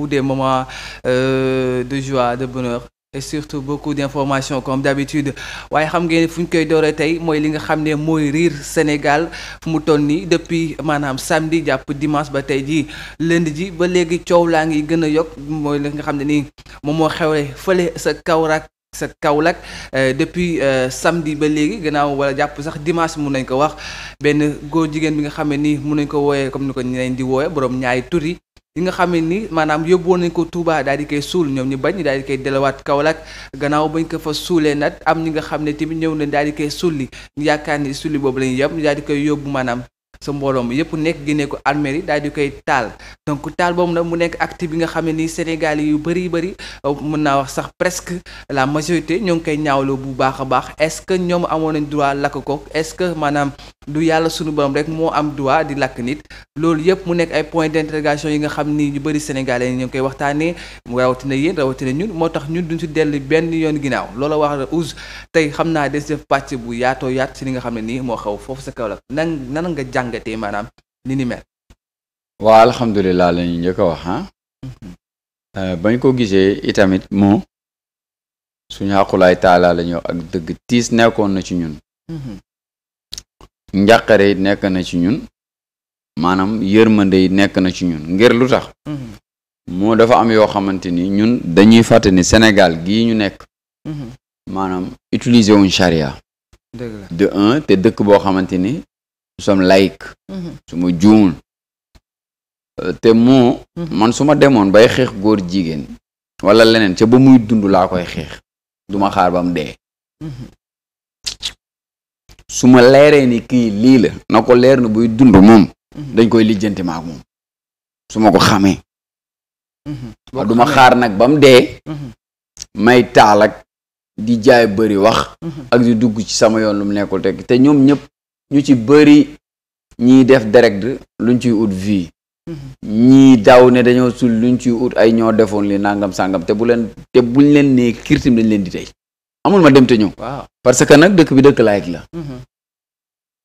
vous de moments euh, de joie de bonheur et surtout beaucoup d'informations comme d'habitude waaye xam ngeen fu ñu koy dooree tey mooy li nga xam ne mooy riir Sénégal fu mu toll nii depuis maanaam samedi jàpp dimanche ba tey jii lundi ji ba léegi coow laa ngi gën a yokk mooy li nga xam ne nii moom moo xewle fële sa Kaolack sa Kaolack euh, depuis euh, samedi ba léegi gannaaw wala jàpp sax dimanche mun nañ ko wax benn góor jigéen bi nga xam ne nii mun nañ ko wooyee comme ni di wooyee borom ñaari tur yi li nga xam ni maanaam yóbbuwoon nañ ko Touba daal di koy suul ñoom ñu bañ ñu daal di koy delawaat Kaolack gannaaw bañ ko fa suulee nag am ñi nga xam ne tamit ñëw nañ daal di koy sulli ñu yaakaar ni sulli boobu lañu yem ñu daal di koy yóbbu maanaam sa mbooloo mi yëpp nekk génnee ko almeri daal di koy taal donc taal boobu nag mu nekk acte bi nga xam ne nii Sénégal yu bëri bëri euh, mën naa wax sax presque la majorité ñoo ngi koy ñaawloo bu baax a baax est-ce que ñoom amoon nañ droit lakk ko est-ce que maanaam du yàlla sunu borom rek moo am droit di lakk nit loolu yëpp mu nekk ay point d'interrogation yi nga xam ni ñu bari sénégalais yi ñu ngi koy waxtaanee rawatina yéen rawatina ñun moo tax ñun du si dellu benn yoon ginnaaw loola wax Ouz tey xam naa des def pàcc bu yaatoo yaat si li nga xam ne nii moo xew foofu sa kaw la nan nga jàngatee maanaam ni ni mel. waaw alhamdulilah la ñu njëkk a wax ah. Euh, bañ ko gisee itamit mu suñu xaqulaay taalaa la ñëw ak dëgg tiis nekkoon na ci ñun. Mhm. njàqare yi nekk na ci ñun maanaam yërmande yi nekk na ci ñun ngir lu tax mm-hmm. moo dafa am yoo xamante ni ñun dañuy fàtte ni Sénégal gii ñu nekk mm-hmm. maanaam utiliser wuñ charia de un te dëkk boo xamante ni nous sommes laïcs mm-hmm. su euh, te moo man su ma demoon bay xeex góor jigéen wala leneen ca ba muy dund laa koy xeex duma xaar ba mu dee su ma leeree ni kii lii la na ko leer na buy dund moom mhm. dañ koy lijjanti maak moom su ma ko xamee mhm. waaw duma xaar nag ba mu dee mhm. may taal ak di jaay bari wax ak di dugg ci sama yoon lu mu nekkul teg te ñoom ñëpp ñu ci bari ñiy def direct luñ ciy ut vie ñii daw ne dañoo sul luñ ciy ut ay ñoo defoon li nangam sàngam te bu leen te buñ leen nee kirtim dañ leen di tey amul ma dem te ñëw. waaw parce que nag dëkk bi dëkk laïc la. Mm-hmm.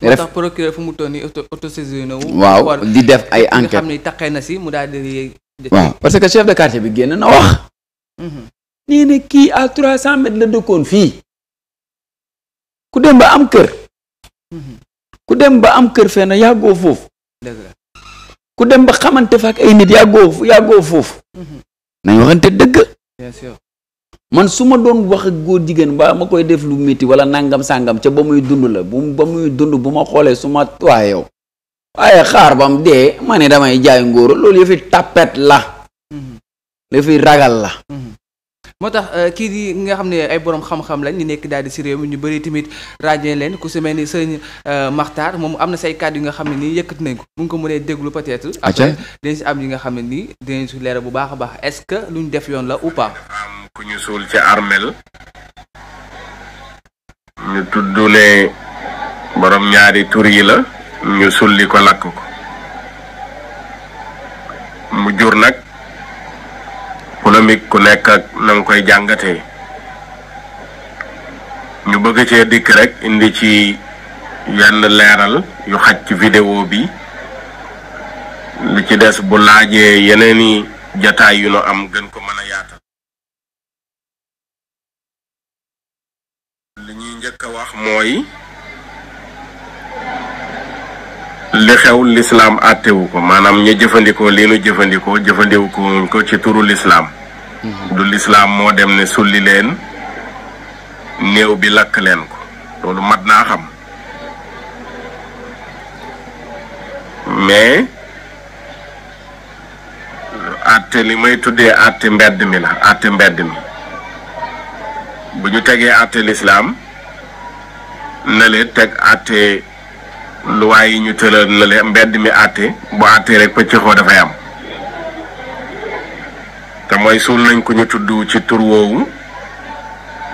moo tax procureur fu mu toll nii waaw di def ay enquêtes nga xam ne na si mu daal di. waaw parce que chef de quartier bi génn na wax. Mm-hmm. nee kii à 300 mètres la dëkkoon fii. ku dem ba am kër. Mm-hmm. ku dem ba am kër fenn yàggoo foofu. dëgg la ku dem ba xamante fa ak yàggoo foofu. nañ waxante dëgg. man su ma doon wax ak góor jigéen ba ma koy def lu métti wala nangam sàngam ca ba muy dund la bu ba muy dund bu ma xoolee su ma waaye yow waaye xaar bam dee ma ne damay jaay ngóor loolu yëfi tapet la mm-hmm. yëfi ragal la mm-hmm. moo tax euh, kii di nga xam ne ay borom xam-xam lañ ñu nekk daal di si réew mi ñu bëri tamit ràññee leen ku si ni sëñ euh, Maxtaar moom am na say kàddu yi nga xam ne nii yëkkati nañ ko mu nga ko mënee déglu peut-être après dinañ si am yi nga xam ne nii dinañ si leeral bu baax a baax est-ce que lu ñu def yoon la ou ku ñu suul ci armeel ñu tuddule borom ñaari tur yi la ñu sulli ko lakk ko mu jur nag polémique ku nekk ak na koy jàngate ñu bëgg cee dikk rekk indi ci yenn leeral yu xaj ci vidéo bi li ci des bu laajee yeneeni jataay yu nu am gën ko mën a yaatal njëkk wax mooy li xew lislaam àttewu ko maanaam ñu jëfandikoo lii nu jëfandikoo jëfandikoo ko ci turu lislaam mhm. du lislaam moo dem ne sulli leen néew bi lakk leen ko loolu mat naa xam mais àtte li may tuddee àtte mbedd mi la àtte mbedd mi bu ñu tegee àtte lislaam lale teg àtte luwaay yi ñu tëral lale mbedd mi àtte bu àttee rek pëccëxoo dafay am te mooy suul lañ ko ñu tudd ci tur woowu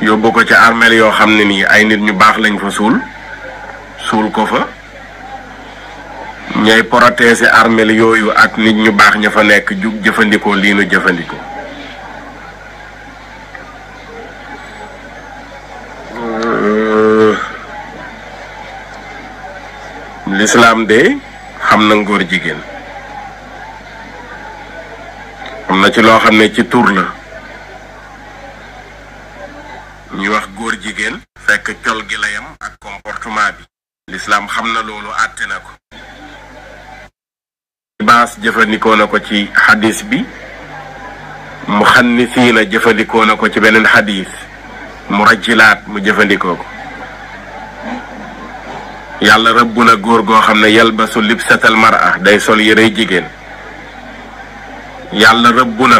yóbbu ko ci armeel yoo xam ne nii ay nit ñu baax lañ fa suul suul ko fa ñay protéger armeel yooyu ak nit ñu baax ña fa nekk jug jëfandikoo lii nu jëfandikoo lislaam de xam na ngóor jigéen am na ci loo xam ne ci tur la ñu wax góor jigéen fekk col gi la ak comportement bi lislaam xam na loolu àtte na ko baas jëfandikoo na ko ci xadis bi mu xannisiina jëfandikoo na ko ci beneen xadis mu rajilaat mu jëfandikoo ko yàlla rëbb na góor goo xam ne yalbasu libsatal mar'a day sol yërey jigéen yàlla rëbb na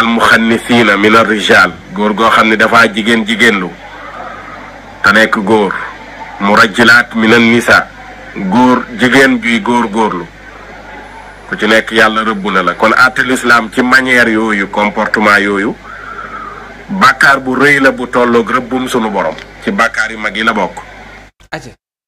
almuxannisiina min arrijaal góor goo xam ne dafa jigéen jigéenlu te nekk góor murajjilaat min annisa góor jigéen juy góor góorlu ku ci nekk yàlla rëbb na la kon àtte lislaam ci manière yooyu comportement yooyu bàkkaar bu rëy la bu tolloog rëbbum sunu borom ci bàkkaar yu mag yi la bokk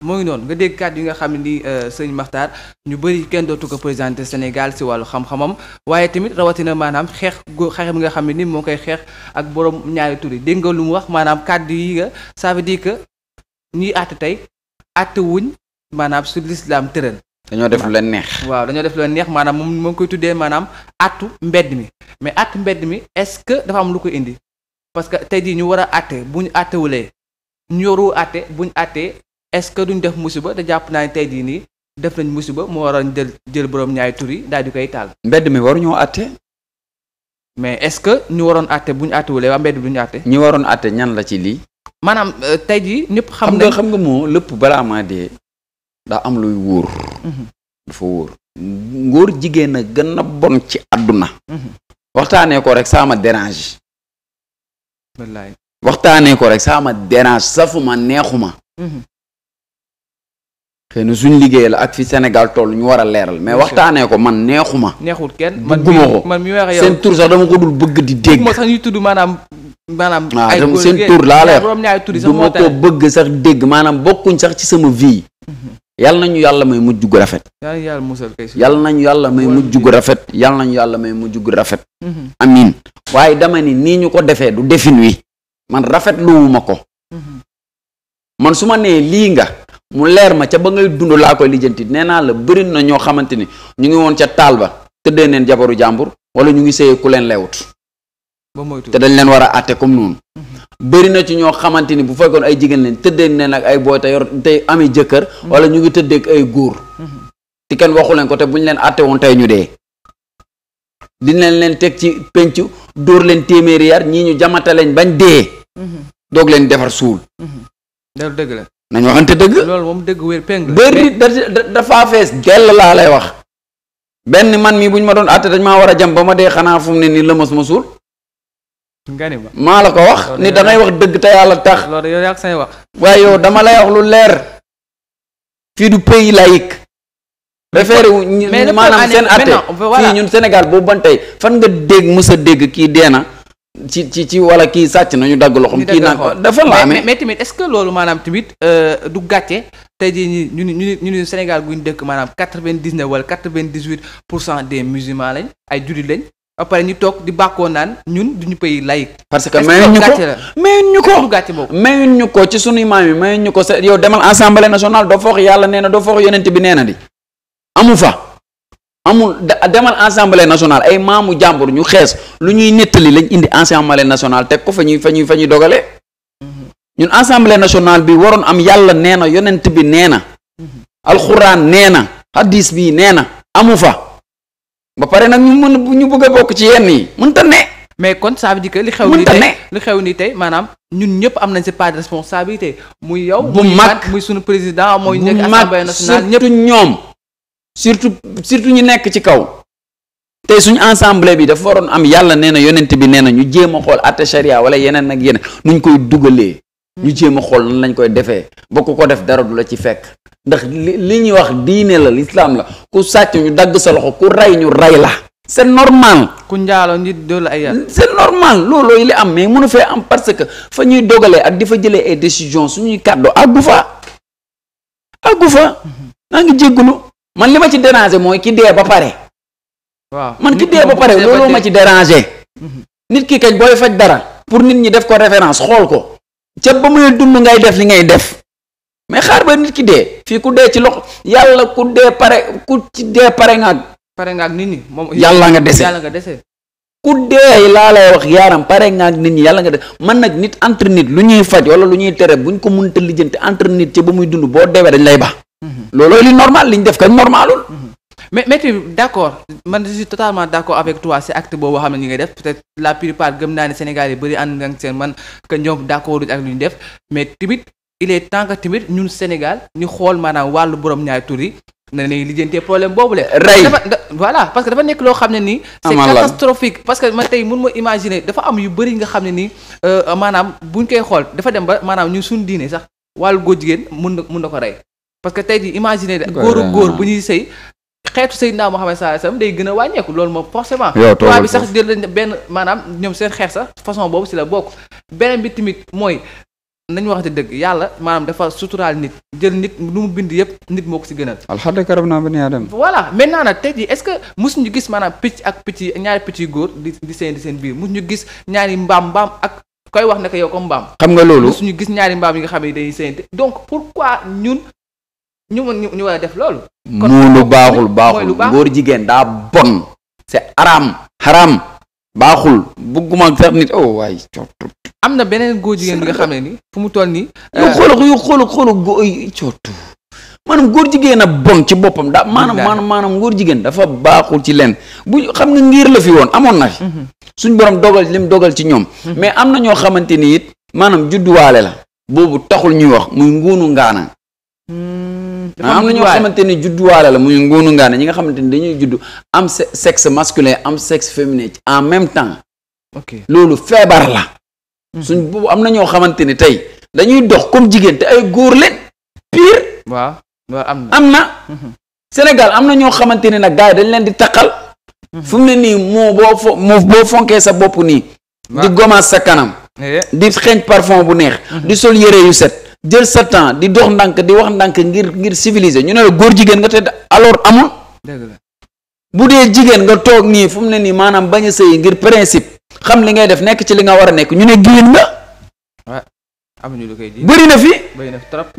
moo ngi noonu nga dégg kàddu yi nga xam ne ni euh, sëñ Maxtaar ñu bëri kenn dootu ko présenté Sénégal si wàllu xam-xamam waaye tamit rawatina maanaam xeex go xeex bi nga xam ne ni moo koy xeex ak borom ñaari tur yi dégg nga lu mu wax maanaam kàddu yi nga ça veut que ñiy àtte tey àtte wuñ maanaam su l'islam tëral dañoo def leen neex. waaw dañoo def lu leen neex maanaam moom moo ngi koy tuddee maanaam àttu mbedd mi mais àttu mbedd mi est-ce que dafa am lu ko indi parce que tey di ñu war a àtte bu ñu àttewulee yoru àtte bu ñu àttee est-ce que duñ def musiba te jàpp naa ne tey jii nii def nañ musiba mu waroon jël jël borom ñaari tur yi daal di koy taal. mbedd mi waruñoo àtte. mais est-ce que ñu waroon àtte bu ñu àttewulee waa mbedd bi duñu ñi waroon àtte ñan la ci lii. maanaam euh, tey jii ñëpp. xam nga xam nga moo lépp balaa maa dee. daa am luy wóor. Mhm. dafa wóor. ngóor jigéen a gën bon ci àdduna. Mhm. waxtaanee ko rek saa ma dérange. wallaay waxtaanee ko rek saa ma dérange safuma neexuma. Mhm. xëy na suñ liggéey la ak fi Sénégal toll ñu war a leeral mais waxtaanee ko man neexuma neexul kenn man man mi wax yow seen tur sax dama ko dul bëgg di dégg ma sax ñuy tudd maanaam maanaam ah, ay waaw seen tur laa lay du ma ko bëgg sax dégg maanaam bokkuñ sax ci sama vie mhm. yal nañu yàlla may mujj gu rafet yal nañu yàlla may mujj gu rafet yal nañu yàlla may mujj gu rafet mhm. amin waaye dama ni nii ñu ko defee du defin wi man rafetluwuma ko mhm. man su ma nee lii nga mu leer ma ca ba ngay dund laa koy lijjanti nee naa la bëri na ñoo xamante ni ñu ngi woon ca taal ba tëddee neen jabaru jàmbur wala ñu ngi sëyee ku leen leewut te dañ leen war a àtte comme noonu bëri na ci ñoo xamante ni bu fekkoon ay jigéen leen tëddee neen ak ay booy te yor tey amee jëkkër wala ñu ngi tëddeeg ay góor te kenn waxu leen ko te bu ñu leen àtte woon tey ñu dee dinañ leen teg ci penc dóor leen téeméeri yar ñii ñu jamata leen bañ dee mhm. doog leen defar suul mhm. dëgg la nañ waxante dëgg. loolu moom dëgg wér bëri dafa fees dell laa lay wax. benn man mii bu ñu ma doon àtte dañ maa war a jam ba ma dee xanaa fu mu ne nii la ma suul. nga maa la ko wax. ni dangay wax dëgg te yàlla tax. loolu yow say wax. waaye yow dama lay wax lu leer. fii du pays laïque. référé wu maanaam seen àtte fii ñun senegal boobu ban tey fan nga dégg mës dégg kii dee na ci ci ci wala kii sàcc nañu dagg loxoom. kii naa ko dafa la amee mais tamit est loolu maanaam tamit euh, du gàcce tey jii ñu ñu ñu ñu ne Sénégal gu dëkk maanaam quatre-vingt-dix-neuf wala quatre-vingt-dix-huit pour cent des musulmans lañ ay jullit lañ. après ñu toog di bàkkoo naan ñun duñu pays laïque. parce que ñu ko mayuñ ñu ko gàcce boobu mayuñ ñu ko ci sunuy maam yi mayuñ ñu ko yow demal assemblée nationale doo foox yàlla nee na doo foox yonent bi nee na di amu fa. amul demal assemblée nationale ay maamu jàmbur ñu xees lu ñuy nettali lañ indi assemblée nationale teg ko fa ñuy fa ñuy fa dogalee ñun assemblée nationale bi waroon am yàlla nee na yonent bi nee na alxuraan nee na hadis bi nee na amu fa ba pare nag ñu mën ñu bëgg a bokk ci yenn yi mënta ne. mais kon ça veut dire li xew ni tey xew ni maanaam ñun ñëpp am nañ si part de responsabilité. muy yow bu mag muy sunu président mooy. nekk assemblée nationale ñëpp ñoom. surtout surtout ñu nekk ci kaw tey suñu ensemble bi dafa waroon am yàlla nee na yonent bi nee na ñu jéem a xool atte charia wala yeneen ak yeneen ñu koy dugalee ñu jéem a xool nan lañ koy defee ba ku ko def dara du la ci fekk ndax li li ñuy wax diine la lislaam la ku sàcc ñu dagg sa loxo ku rey ñu rey la c'est normal ku njaaloo nit doolu ay yar c'est normal loolooyu li am mais mënu fee am parce que fa ñuy dogalee ak di fa jëlee ay décision suñuy kàddu àggu fa fa mm-hmm. man li ma ci déranger mooy ki dee ba pare. waaw man ki dee ba pare looloo ma ci déranger. Mhm. nit ki kañ booy faj dara. pour nit ñi def ko référence xool ko. ca ba muy dund ngay def li ngay def. mais xaar ba nit ki dee. fii ku dee ci loxo yàlla ku dee pare ku ci dee pare nga. pare nga ak nit ñi moom yàlla nga dese yàlla nga dese. ku dee laa lay wax yaaram pare nga ak nit ñi yàlla nga def man nag nit entre nit lu ñuy faj wala lu ñuy tere buñ ko mënta lijjanti entre nit ca ba muy dund boo deewee dañ lay ba looloo li normal li ñu def kan normalul. mais maître d' accord man je suis totalement d' accord avec toi si acte boobu xam ne ñu nga def peut être la plupart gëm naa ne Sénégal yi bëri ànd ak seen man que ñoom ñun Sénégal ñu xool maanaam wàllu borom ñaari tur yi. na ne lijjantee problème boobu la. rey dafa voilà parce que dafa nekk loo xam ne nii. c'est catastrophique parce que man tey mun ma imaginer dafa am yu bëri nga xam ne nii euh, maanaam buñ koy xool dafa dem ba maanaam ñu suñ diine sax wàll góor jigéen mun na mun na ko rey. parce que tey jii imaginer de góoru góor bu ñuy sëy xeetu moo Muhammad sallallahu alayhi wasallam day gën a wàññeeku loolu moom forcément waa bi sax jël benn maanaam ñoom seen xeex sax façon boobu ci la bokk beneen bi tamit mooy nañu wax dëgg yàlla maanaam dafa suturaal nit jël nit lu mu bind yëpp nit moo ko ci gënal alhamdulilah karam naa ba ni dem voilà maintenant nag tey jii est-ce que mus ñu gis maanaam picc ak picc yi ñaari picc yu góor di di seen di seen biir mus ñu gis ñaari mbaam mbaam ak koy wax ne yow comme mbaam xam nga loolu mus ñu gis ñaari mbaam yi nga xam ne dañuy seen donc ñu mën ñu war a def loolu. mu lu baaxul baaxul góor jigéen daa bon. c'est haram haram baaxul bëgguma sax nit oh waay. am na beneen góor jigéen bi nga xam ne ni fu mu toll nii. yu euh, yu xool xool góor yi cootu maanaam góor jigéen a bon ci boppam daa maanaam maanaam maanaam góor jigéen dafa baaxul ci leen bu xam nga ngir la fi woon amoon na fi. Mm-hmm. suñ borom dogal lim dogal ci ñoom. Mm-hmm. mais am na ñoo xamante ni it maanaam judduwaale la. boobu taxul ñuy wax muy nguunu ngaana mm. dafa am na ñoo xamante ni judduwaale la muy ngóonu ngaane ñi nga xamante ni dañuy judd am sexe masculin am sexe féminin en même temps. ok loolu feebar la. Hmm. suñ boobu am na ñoo xamante ni tey dañuy dox comme jigéen te ay góor leen pire. am na am hmm. Sénégal am na ñoo xamante ne nag gars dañ leen di taqal. Hmm. fu mu ne nii moo boo fonkee sa bopp nii. di gomaas sa kanam. Eh. di xeeñ parfum bu neex. di sol yére yu set. jël sa temps di dox ndànk di wax ndànk ngir ngir civiliser ñu ne la góor jigéen nga te alors amul. bu dee jigéen nga toog nii fu mu ne nii maanaam bañ a sëyi ngir principe xam li ngay def nekk ci li nga war a nekk ñu ne génn nga. Ah, lu koy di bëri na fi. bëri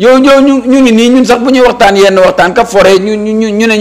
yow yow ñu ñu ngi nii ñun sax bu ñuy waxtaan yenn waxtaan ka foree ñu ñu ñu ne.